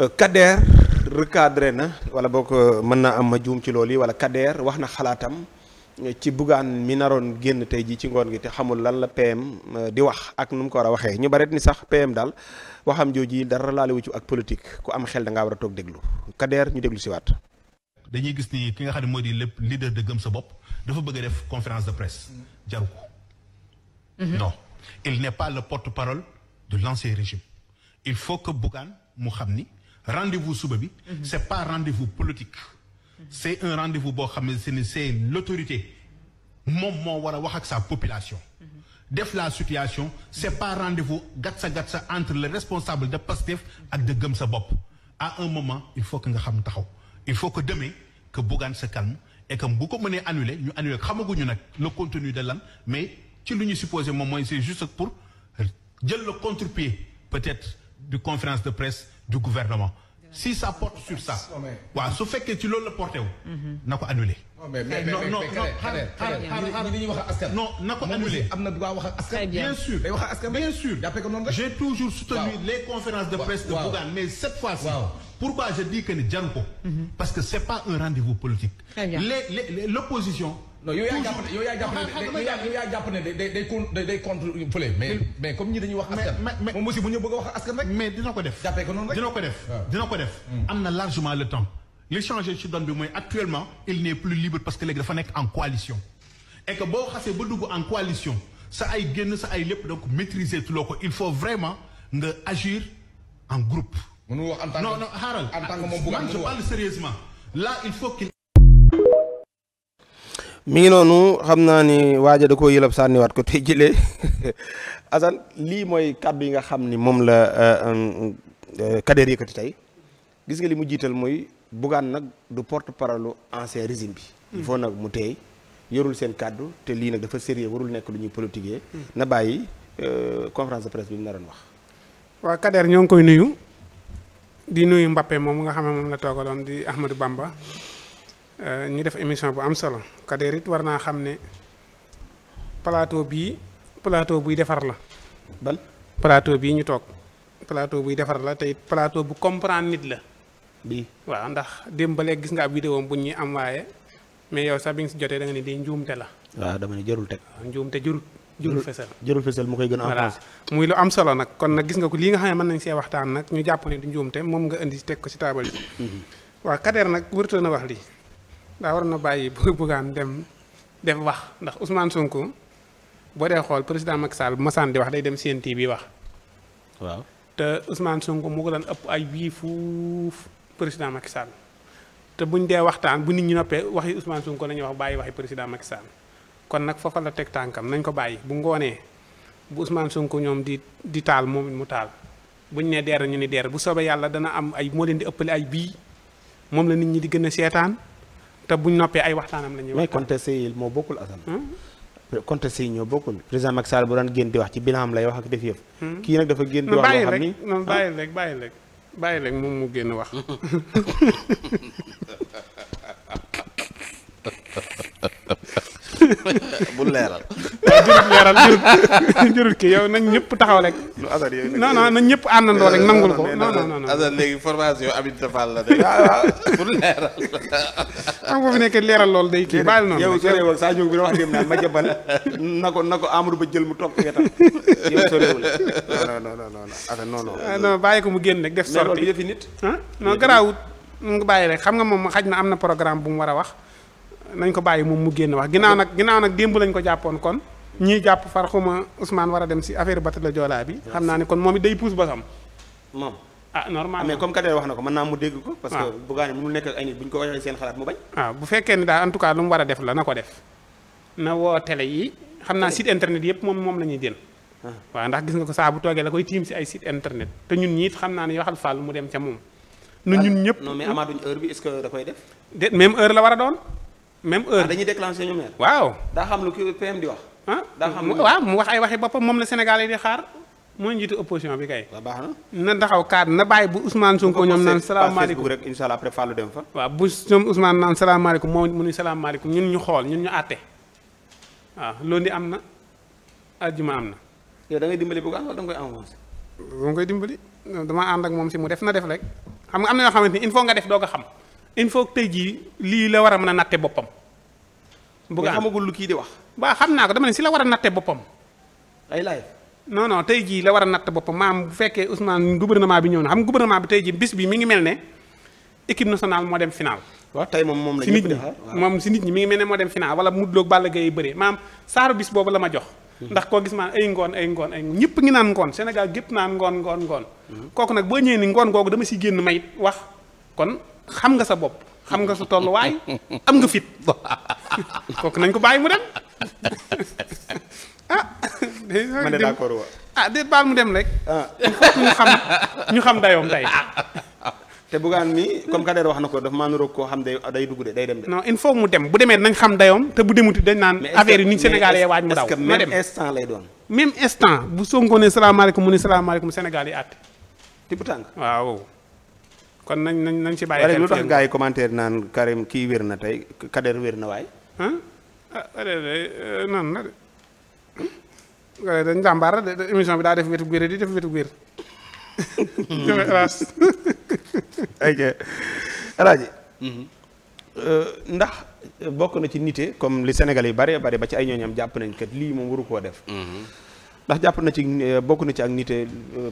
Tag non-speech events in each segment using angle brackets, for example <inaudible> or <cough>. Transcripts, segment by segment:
Euh, Kader recadré na wala boo ko euh, mën na am ma juum ci loolu yi wala Kader wax na xalaatam euh, ci Bougane mi naroon génn tey jii ci ngoon gi te xamul lan la PM di wax ak nu mu ko war a waxee ñu bareet ni sax PM daal waxam jooju dara laalewu ci ak politique ku am xel da ngaa war a toog déglu Kader ñu déglu si waat. dañuy gis ni ki nga xam ne moo di lépp leader de gëm sa bopp dafa bëgg def conférence de presse jaru ko. Mhm. non il n'est pas le porte-parole de l'ancien régime mu xam ni rendez-vous suba bi. Mhm. c'est pas rendez politique. Mhm. c'est un rendez-vous boo xam ne ni c'est l'autorité moom moo war a wax ak sa population. Mhm. def la situation c'est pas rendez-vous gatsa gatsa entre le responsable de Pastef ak de gëm sa bopp à un moment il faut que nga xam taxaw il faut que demain que Bougane se calme et bu ko mënee annuler ñu annuler xamaguñu nag le contenu de lan mais ci lu ñu supposé moom mooy c'est juste pour jël le contre peut-être. du conférence de presse du gouvernement si ça porte sur ça waaw su fekkee ci loolu la porté wu mhm. na ko non non non j'ai toujours soutenu les conférences de presse de Bougane mais cette fois-ci pourquoi je dis que ni jaru ko mhm. parce que c'est pas un rendez-vous politique l'opposition non yow yaa jàpp ne day day contre fële mais mais comme ñi dañuy wax askan moom aussi bu ñu bëgg a wax askan rek mais dina ko def dina ko def ah. hmm. am na largement le temps li changé ci donne bi mooy actuellement il n'est plus libre parce que léegi dafa nekk en coalition et boo xasee ba dugg en coalition sa ay génn sa ay lépp donc maîtriser loo ko il faut vraiment nga agir en groupe mënu wax en tant que non non xaaral en il faut qu'il mi ngi noonu xam naa ni waaja da ko yëlab sànniwaat ko te jëlee Assane <laughs> lii mooy kàdd yi nga xam ni moom la euh, euh, euh, Kader yëkkati tey gis nga li mu jiital mooy Bougane nag du porte paralu ancien régime bi. il faut nag mu teey yorul seen kàddu te lii nag dafa sérieux warul nekk lu ñuy politiquer. Hmm. na bàyyi conférence de presse bi mu naroon wax. waaw Kader ñoo ngi koy nuyu di nuyu Mbappé moom nga xam ne moom la toogaloon di Ahmadou Bamba. Euh, ñu def émission bu am solo Kader it war naa xam ne palaato bii palaato buy defar la. bal plateau bii ñu toog palaato buy defar la tey plateau bu comprendre nit la. bii waaw ndax démb ba léegi gis nga ab vidéo bu ñuy am waaye mais yow sax bi nga si jotee da nga ne di njuumte la. waaw dama ne jarul teg. njuumte jarul jarul fësal. jarul fësal mu koy gën a. voilà muy lu am solo nag kon nag gis nga ko lii nga xam ne mën nañ see waxtaan nag ñu jàpp ne du njuumte moom nga indi teg ko si taabal bi. <coughs> Mhm. waaw Kader nag wërta na wax lii. ndax waroon na bàyyi Bougane dem def wax ndax Ousmane Sonko boo dee xool président Macky Sall masaan di wax day dem CNT bi wax. waaw te Ousmane Sonko moo ko daan ëpp ay bii fuuf président Macky Sall te buñ dee waxtaan bu nit ñi noppee wax Ousmane Sonko la ñuy wax bàyyi waxi président Macky Sall kon nag foofa la teg tànkam nañ ko bàyyi bu ngoonee bu Ousmane Sonko ñoom di di taal moom mu taal buñ nee deer ñu ni deer bu soobee yàlla dana am ay moo leen di ëppale ay bii moom la nit ñi di gën a seetaan. te buñ noppee ay waxtaanam la ñuy waxtaan. mais moo bokkul Assane. Hmm? contesté yi ñoo bokkul président Macky Sall bu daan génn di wax ci bilan am lay wax ak def yëf. Hmm? kii nag dafa génn di wax loo xam ni non ah? bàyyi rek bàyyi rek moom mu génn wax. <laughs> <laughs> bu leeral. waaw jërut leeral jërut <laughs> kii yow nañ ñëpp taxaw rek. lu asal yooyu nag non ñëpp àndandoo rek nangul ko non <laughs> ah, nekk leeral lool day kii bàyyi noonu. yow na ko na Ba jël mu toog wetam yow sorewul non non ah, non bàyyi ko mu génn rek def sorti mais garaawut nga bàyyi rek xam nga moom xaj na am na programme bu mu war a wax. nañ ko bàyyi moom mu génn wax ginnaaw nag ginnaaw nag démb lañ ko jàppoon kon ñii jàpp far xuma Ousmane war a dem si affaire bateau la Joola bi xam naa ne kon moom it day puus basam moom ah normal ah, na ko mën naa mu dégg ah. nekk ak ay nit bu ñu ko waxee seen xalaat mu bañ waaw ah, bu fekkee ni daal en tout cas lu mu war a def la na ko def na woo télé yi xam naa site internet yëpp moom moom la ñuy jël waaw ndax gis nga ko saa bu toogee la koy tiim si ay site internet te ñun ñiit xam naa ne waxal Fall ñëpp non mais amaaduñ heure bi est-ce la war a même heure ah, dañuy déclenché ñu waaw daa lu ki PM di wax. ah daa xam mu wax ay waxi boppam moom la Sénégal yi di xaar. mooy njiitu opposition bi kay. baax na na taxaw kaat na bàyyi bu Ousmane Sonko ñoom naan salaamaaleykum rek incha allah après Fallou dem fa. waaw bu ñoom Ousmane naan salaamaaleykum moom mu ni salaamaaleykum ñun ñu xool ñun ñu àtte waaw loolu di am na aljuma am na. yow da ngay dimbali bu baax wala da nga koy koy dimbali dama ànd ak moom si mu def na def rek xam nga am na yoo xamante ni il faut nga def doo ko xam. il faut que tey jii lii la war a mën a natte boppam. bu nga xamagul lu kii di wax. waa xam naa ko dama ne si la war a natte boppam. ay laay. non non tey jii la war a natt boppam maam bu fekkee Ousmane gouvernement bi ñëw na xam gouvernement bi tey jii bis bi mi ngi mel ne équipe nationale moo dem final. waaw tey moom moom la ñëpp def moom si nit ñi mi ngi mel ne moo dem final wala Modou Lo ak Balla Gaye yi bëree maam saaru bis boobu la ma jox. Hmm. ndax koo gis maan ay ngoon ay ngoon ay ñëpp ngi naan ngoon senegal gépp naan ngoon ngoon ngoon. Hmm. kooku nag boo ñëwee ni ngoon googu dama si génn mayit wax kon xam nga sa bopp xam nga sa tolluwaay am nga fit <laughs> kooku nañ ko bàyyi mu dem <laughs> ah. ma ne d'accord wa ah baal mu dem rek. Ah. il faut ñu xam ñu xam dayoom tey. <laughs> te bugaan mi comme Kader wax na ko dafa maa niroog koo xam day day dugg de day dem de. non il mu dem bu demee nañ xam dayoom te bu demuti dañ naan. affaire yi ni Sénégalais waaj mu daw. ma dem même instant lay doon. même instant bu Sonko ne salaamaaleykum mu ne salaamaaleykum Sénégal yi at ti bu tàng waaw. kon nañ nañ nañ ci bàyyi xel lu commentaire naan Karim kii wér na tey Kader wér na waay. ah Kader euh, noonu la de Kader dañ de émission bi daa def wetu wér di def wetu wér. jërëjëf El Hadj. ok El Hadj euh, ndax ci nite comme li Sénégal yi bare bare ba ci ay ñooñam jàpp nañ kat waru koo def. Mm-hmm. ndax jàpp na ci euh, bokk na ci ak nite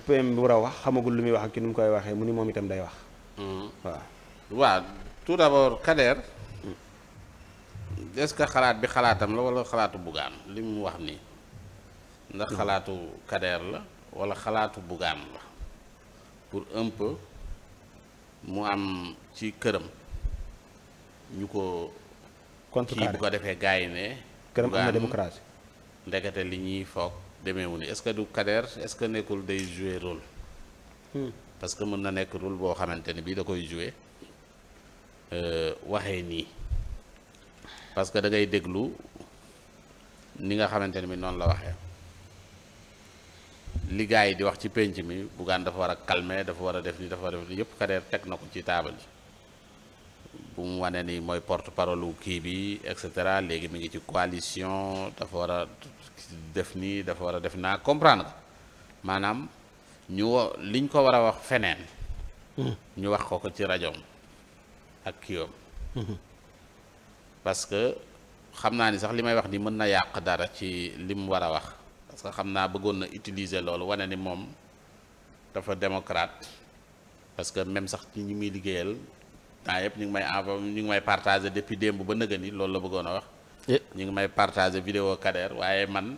PM bi war a wax xamagul lu muy wax ak ci nu mu koy waxee mu ni moom itam day wax. waaw waaw tout d'abord Kader est-ce que xalaat bi xalaatam la wala xalaatu bugaan li mu wax nii ndax xalaatu Kader la wala xalaatu bugaan la pour un peu mu am ci këram ñu ko contre kii ko defee gars yi ne këram am na démocratie ndekete li ñuy foog demeewu ni est-ce que du Kader est-ce que nekkul day jouer rôle hmm. parce que mën na nekk rôle boo xamante ne bii da koy jouer euh, waxee nii parce que da ngay déglu ni nga xamante ne bi noonu la waxee li yi di wax ci pénc mi Bougane dafa war a calmer dafa war a def ni dafa war a def teg na ko ci taabal yi bu mu wane ni mooy porte parole kii bi et cetera léegi mi ngi ci coalition dafa war a def nii dafa war a def naa comprendre maanaam. ñu wo liñ ko war a wax feneen. Hmm. ñu wax ko ko ci rajom ak kiyoom hmm. parce que xam naa ni sax li may wax ni mën na yàq dara ci li mu war a wax parce que xam naa bëggoon na utiliser loolu wane ni moom dafa démocrate parce que même sax ci ñi muy liggéeyal temps yëpp ñu ngi may envoyé ñu ngi may partagé depuis démb ba nëgë ni loolu la bëggoon a wax. Eh. ñu ngi may partagé vidéo Kader waaye man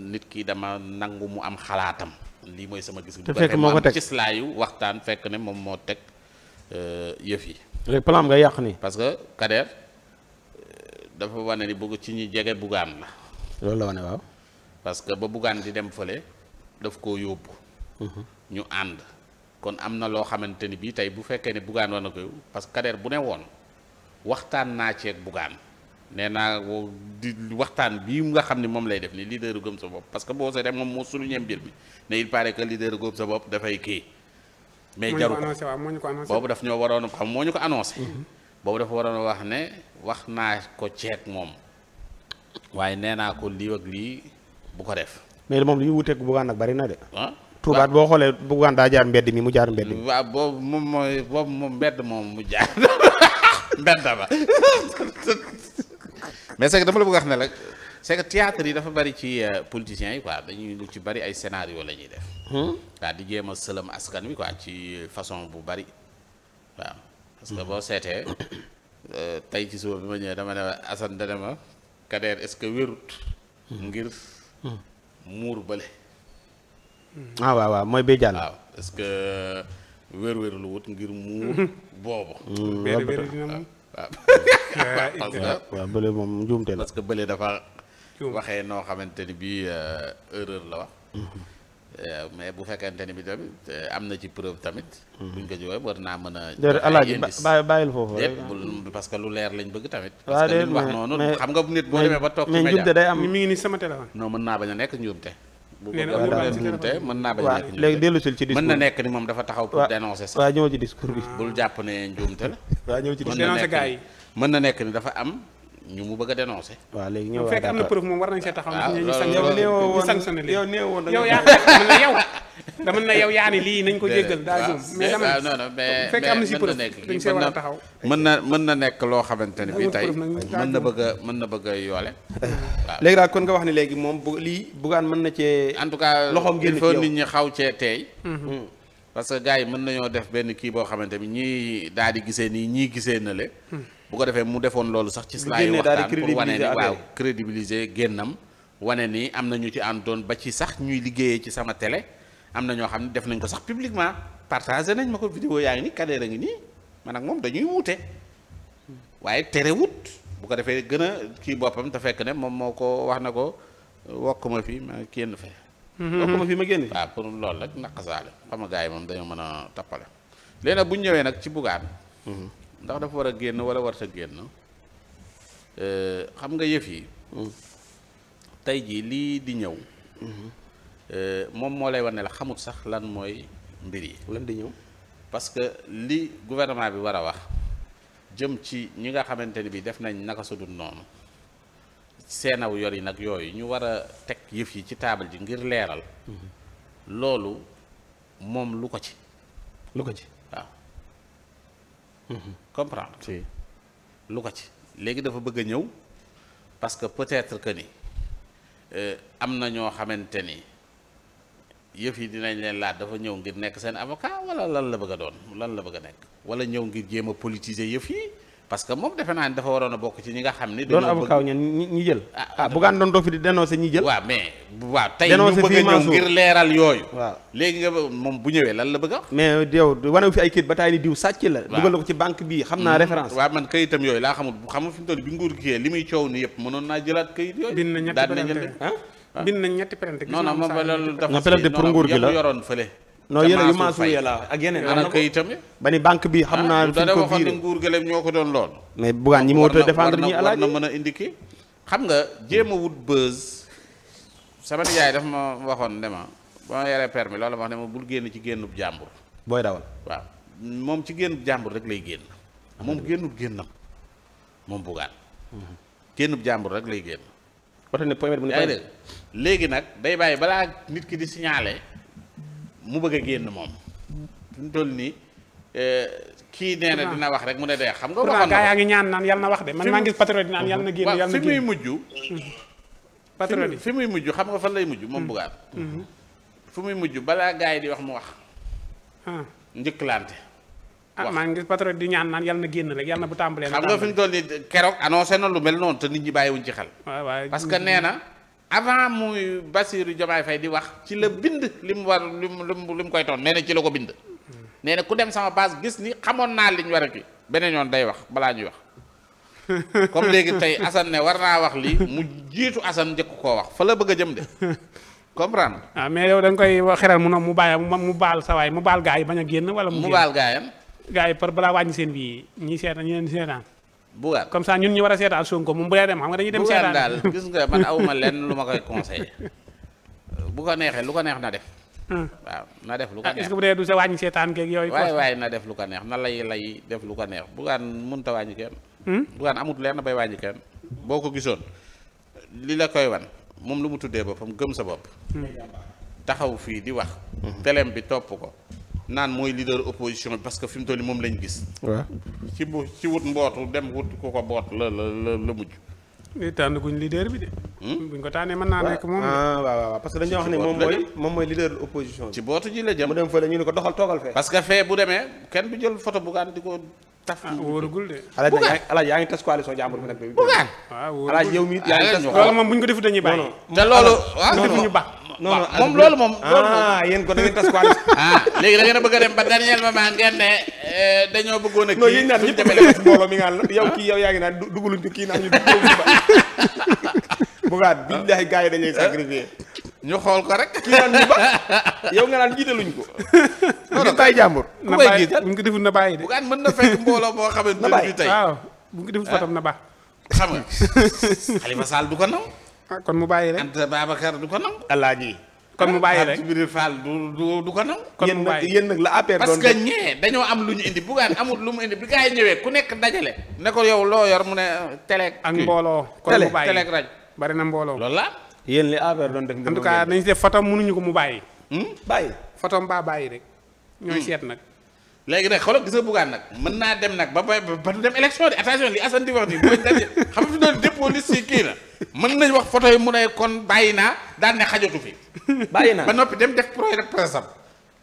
nit kii dama nangu mu am xalaatam. lii mooy sama gis te fekk moo ko teg ci slaayu waxtaan fekk ne moom moo teg euh, yëf yi léegi nga yàq nii parce que Kader euh, dafa wane ni bugg ci ñi jege Bougane la loolu la wane waaw parce que ba Bougane di dem fële daf koo yóbbu mhm. ñu ànd kon am na loo xamante ni bii tey bu fekkee ne Bougane war ko parce que Kader bu ne woon waxtaan naa ceeg Bougane nee naa di waxtaan bii nga xam ne moom lay def lii leader u gëm sa bopp parce que boo seetee moom moo souligné mbir bi ne il paraît que leader u gëm sa bopp dafay kii mais jaru ko boobu daf ñoo waroon xam moo ñu ko annoncé boobu mm-hmm. dafa waroon wax ne wax naa ko ceeg moom waaye nee naa ko lii ak lii bu ko def mais moom li ñu wuteeg Bougane nag bari na de ah tuubaat boo xoolee Bougane daa jaar mbedd mi mu jaar mbedd mi waa boobu moom mooy boobu moom mbedd moom mu <laughs> <laughs> mais c'est que dama la bëgg a wax ne rek c'est que yi dafa bari ci euh, politiciens yi quoi dañuy lu ci bari ay scénario la ñuy def. Hmm? waaw di jéem a sëlam askan wi quoi ci façon bu bari waaw. parce que boo seetee euh, tey ci suba bi ma ñëwee dama ne Assane dana ma Kader ce que wérut. ngir muur bële. Hmm. Ah, waaw waaw mooy béjjàn. waaw est que wér-wér lu wut ngir muur hmm. boobu. waaw <laughs> bële moom njuumte la parce que bële dafa waxee noo xamante ni bii euh, erreur la wax mhm. euh, mais bu fekkente ni bi tamit euh, am na ci preuve tamit mhm. buñ ko jiwee war naa mën a alaaji bàyyil foofu rek parce lu leer lañ bëgg tamit parce que li wax noonu xam nga nit boo ngi ni sama téléphone noo mën naa bañ a nekk njuumte nee na amul bàyyi mën naa léegi dellu ci discours mën na nekk ni moom dafa taxaw pour dénoncer sax waaw ñëw ci discours bi bul jàpp ne njuumte la waaw ñëw ci dénoncer gars yi mën na nekk ni dafa am ñu mu bëgg a dénoncé. waaw léegi ñëw fekk am na preuve moom war na ah, yow. dama na yaa ne lii nañ ko jéggal. daa juum mais dama waaw ah, non a taxaw. mën na mën na nekk loo xamante ne bii tey mën na bëgg a mën na bëgg a yoole. waaw <laughs> léegi daal kon nga wax ne léegi moom bu lii bugaan mën na cee. en tout cas loxoom génn foo nit ñi xaw cee teey mhm. parce que gars yi mën nañoo def benn kii boo xamante bi ñii daal di gisee nii ñii gisee na bu ko defee mu defoon loolu sax ci slide waxtaan pour wane ni waaw crédibiliser génnam wane ni am na ñu ci àndoon ba ci sax ñuy liggéeyee ci sama tele am na ñoo xam ne def nañ ko sax publiquement partagé nañ ma ko vidéo yaa ngi ni Kader a ngi nii man ak moom dañuy wuute waaye terewut bu ko defee gën a kii boppam te fekk ne moom moo ko wax na ko wokk ma fi ma génn fa mhm. wokk ma fi ma génn waaw pour loolu rek naqasaale xam nga yi moom dañoo mën a tappale léegi bu ñu ñëwee nag ci Bougane mhm. ndax dafa war a génn wala war sa génn eh, xam nga yëf yi hmm. tey jii lii di ñëw hmm. eh, moom moo lay wan ne la xamut sax lan mooy mbir yi lan di ñëw parce que li gouvernement bi war a wax jëm ci ñi nga xamante ni bi def nañ naka sudul noonu seenaw yor yi nag yooyu ñu war a teg yëf yi ci taabal ji ngir leeral hmm. loolu moom lu ko ci lu ko ci waaw comprendre si lu ko ci léegi dafa bëgg a ñëw parce que peut-être que ni euh, am na ñoo xamante ni yëf yi dinañ leen laaj dafa ñëw ngir nekk seen avocat wala lan la bëgg a doon lan la bëgg a nekk wala ñëw ngir jéem a politiser yëf yi parce que moom defe naa ne dafa waroon a bokk ci ñi nga xam ne. doon avocat ñan ñi jël. ah bugaan doon doo fi di dénoncé ñi jël. waaw mais waaw tey ñu bëgg a ngir leeral yooyu. waaw léegi nga moom bu ñëwee lan la bëgg a. mais yow wane fi ay kayit ba taay ni diw sàcc la. waaw dugal ko ci banque bi xam naa hmm. référence. waaw man kayitam yooyu laa xamul bu xamul fi mu bi nguur gi li muy coow ni yëpp mënoon naa jëlaat kayit yooyu. bind na ñetti perante daal di na jënd ah. bind na ñetti perante. gis naa moom saa yëpp non non yéen yu maasu yàlla ak yeneen. am na ko itam ba ni banque bi xam ah, naa. fi ko biir nguur gëlëm ñoo ko doon lool. mais bugaan ñi ma wut a défendre ñi alaaji war na xam nga jéem a wut buzz. sama nijaay daf ma waxoon ne ma ba ma yore permis loolu ma wax ne ma bul génn ci génnub jàmbur. booy dawal waaw moom ci génnub jàmbur rek lay génn. Ah, moom génnub génnam moom bugaan. Mhm. génnub jàmbur rek lay génn. ba tey ne point bu ñu léegi nag day bàyyi balaa nit ki di siñaale mu bëgg a génn moom fi mu toll nii eh, kii nee na dina wax rek mu ne dee xam nga. waxoon na yaa ngi ñaan naan yal na wax de man maa ngi patriote di na génn yal na génn muy mujj. patriote nga fan lay mujj moom mm-hmm. Bougane. Mm-hmm. fu muy mujj balaa gars yi di wax mu wax. njëkkalante. ah, ah maa ngi patriote di ñaan naan yal na génn rek yal na bu tàmbalee. xam nga fi mu toll nii keroog annoncé na lu mel noonu te nit ñi bàyyiwuñ ci xel. parce que nee na. avant muy Bassirou Diomaye fay di wax ci la bind li mu war li mu li mu koy toon nee na ci la ko bind. nee na ku dem sama base gis ni xamoon naa li ñu war a kii beneen yoon day wax balaa ñuy wax <laughs> comme léegi tey Assane ne war naa wax li mu jiitu Assane njëkk koo wax fa la bëgg a jëm de comprendre. ah mais yow da nga koy xeral mu ne mu bàyyi mu baal sa waay mu baal gaa yi bañ a génn wala. mu baal gaa yam gaa yi par balaa wàññi seen bii ñi seetaan ñi leen seetaan bugaan comme ça ñun ñu war a seetaan Sonko moom bu dee dem xam nga dañuy dem seetaan daal gis nga man awuma <laughs> lenn lu ma koy conseillé bu ko neexee lu ko neex na def hmm. waaw na def lu ko ah, neex du sa wàññi seetaan keeg yooyu waay na def lu ko neex na lay lay def lu ko neex bugaan mënta wàññi kenn hmm? bugaan amut lenn bay wàññi kenn boo ko gisoon li la koy wan moom lu mu tuddee boppam gëm sa bopp hmm. taxaw fii di wax telem bi topp ko naan mooy leader opposition bi parce que fi mu toll moom lañ gis. waaw ci bu ci wut mbootu dem wut ku ko boot la la la la mujj. lii guñ leader bi de. Hmm? buñ ko tànnee mën naa nekk moom ah waaw waaw parce que dañoo wax ne moom mooy moom mooy leader opposition bi. mu dem fële ah, ah, ah, dañuy bàyyi. non non moom ah, loolu moom. Ah, loolu ah, ko yéen kon da ngeen tas quoi. <laughs> ah léegi da ngeen bëgg a dem ba Daniel Maman ngeen ne eh, dañoo bëggoon a. kii non yow kii yow yaa ngi naan duggaluñ ko kii naan ñu duggaluñ ko ba. <laughs> bugaat yi dañuy ñu xool rek. kii naan ñu ba yow nga naan jiitaluñ ko. <laughs> non non bàyyi jàmbur. na bàyyi bu ñu ko deful na bàyyi de. bugaat mën na fekk mbooloo boo xamante ne bi tey. waaw bu ñu deful fatam na baax. xam nga Xalifa du ko naw Ah, kon mu bàyyi rek. Anta Babacar du ko nangu. alaaji kon mu bàyyi rek Jibril Fall du du du ko nangu. kon mu bàyyi yéen nag la APR doon parce que ñee dañoo am lu ñu indi bugaan amul lu mu indi bi gaa yi ñëwee ku nekk dajale. ne ko yow loo yor mu ne euh, télé. ak mbooloo kon mu bàyyi télé télé bari na mbooloo lool la. yen li APR doon def. en tout cas nañu def foto mënuñu ko mu bàyyi. Hmm? bàyyi foto mbaa bàyyi rek. ñooy hmm. seet nag. léegi nag xoolal gis nga Bougane nag mën naa dem nag ba ba ba du dem élection de attention li Assane di wax nii mooy daje xam nga fi doon dépôt liste yi kii na mën nañ wax photo yi mu ne kon bàyyi naa daal ne xajatu fi. bàyyi naa ba noppi dem def projet de presse am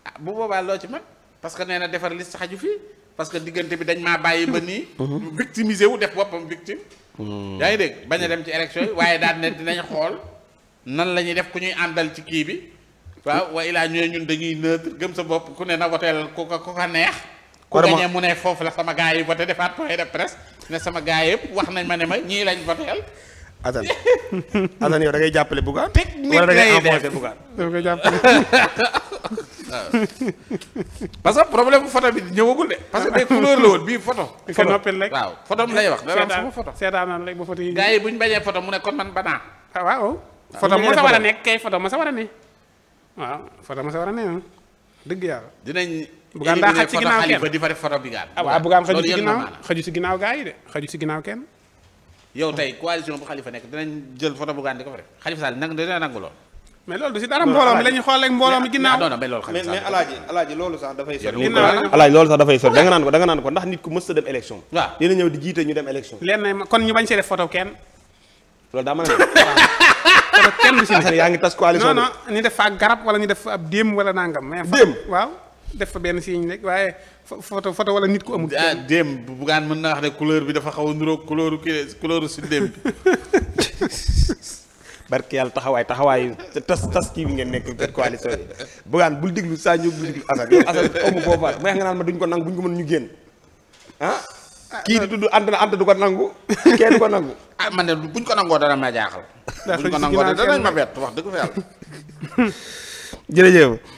ah, bu boobaa loo ci mag parce que nee na defar liste xaju fi parce que diggante bi dañ maa bàyyi ba nii. Mhm. victimiser wu def boppam victime. Mhm. yaa ngi dégg bañ a dem ci élection waaye daal ne dinañ xool nan la ñuy def ku ñuy àndal ci kii bi. waaw wa ilaa ñooy ñun dañuy neutre gëm sa bopp ku ne na woteel ku ko ku ko neex. ku gañe mu ne foofu la sama gars yi voté defaat point de presse ne sama yëpp wax nañ ma ne ma ñii lañ voteel. Assane Assane <laughs> yow da ngay jàppale Bougane. technique wala da ngay enfoncé <laughs> parce que problème bu bi ñëwagul de. parce que day couleur la woon bii photo. photo noppil rek waaw photo lay mu ne kon man banaa. ah waaw. photo moo sa war a nekk kay photo moo sa war a nekk. waaw photo ma sa war a dëgg yàlla. dinañ bugaan daa xaj ci ginnaaw fa def photo bi gaan. Ah, waaw bugaan xaju ci ginnaaw xaju ci ginnaaw gaa yi de xaju ci ginnaaw kenn. yow tey coalition bu xalifa nekk dinañ jël photo bugaan di ko fa def xalifa Sall nag dina nangu lool. mais loolu xool rek mbooloo mi ginnaaw non non dafay sori alaaji naan ko da naan ko ndax nit ku mës a dem élection waaw dina ñëw di jiite ñu dem élection leen kon ñu bañ see def photo kenn loolu daa mën a <laughs> wala kenn du si ne. yaa ngi tas coalition non non ñu def fa ak garab wala ñu def fa ab déem wala nangam. mais déem def fa benn signe rek waaye photo photo wala nit ku amul. ah déem bu bugaan mën naa wax ne couleur bi dafa xaw a niroog couleur kii couleur si déem bi. <laughs> taxawaay taxawaayu tas tas kii bi ngeen nekk biir coalition yi bugaan bul déglu Sadio bul déglu Assane yow Assane amu boobaat duñ ko nangu buñ ko mën ñu génn ah? Ah, kii di tudd Anta Anta du ko nangu <laughs> kee du ko nangu. ah man de buñ ko nangoo dana ma jaaxal. buñ ko nangoo danañ ma bett wax dëgg fa yàlla. <laughs> jërëjëf.